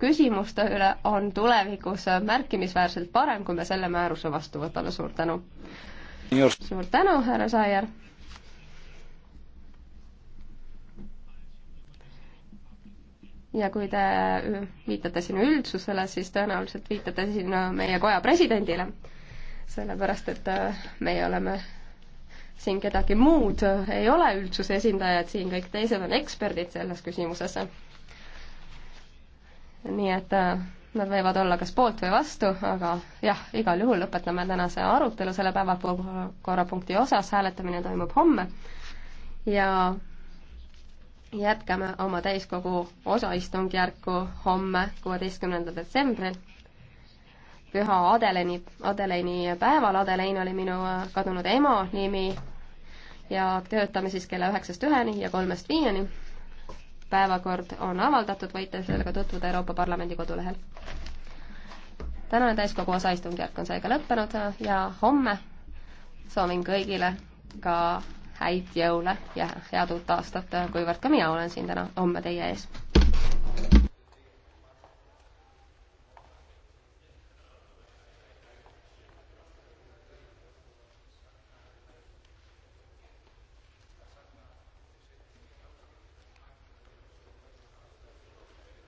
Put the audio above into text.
küsimuste üle on tulevikus märkimisväärselt parem, kui me selle määruse vastu võtame, suur tänu. suur tänu, härra Saier. ja kui te viitate siin üldsusele, siis tõenäoliselt viitate siin meie koja presidendile, sellepärast et äh, meie oleme siin kedagi muud ei ole üldsuse esindajad, siin kõik teised on eksperdid selles küsimuses nii et äh, nad võivad olla kas poolt või vastu, aga jah, igal juhul lõpetame tänase arutelu selle päevakorrapunkti osas, hääletamine toimub homme ja jätkame oma täiskogu osaistungjärku homme, kuueteistkümnendal detsembril. püha Adeleni, Adeleini päeval, Adelein oli minu äh, kadunud ema nimi ja töötame siis kella üheksast üheni ja kolmest viieni päevakord on avaldatud, võite sellega tutvuda Euroopa Parlamendi kodulehel. tänane täiskogu osaistungjärk on seega lõppenud ja homme soovin kõigile ka häid jõule ja head uut aastat, kuivõrd ka mina olen siin täna, homme teie ees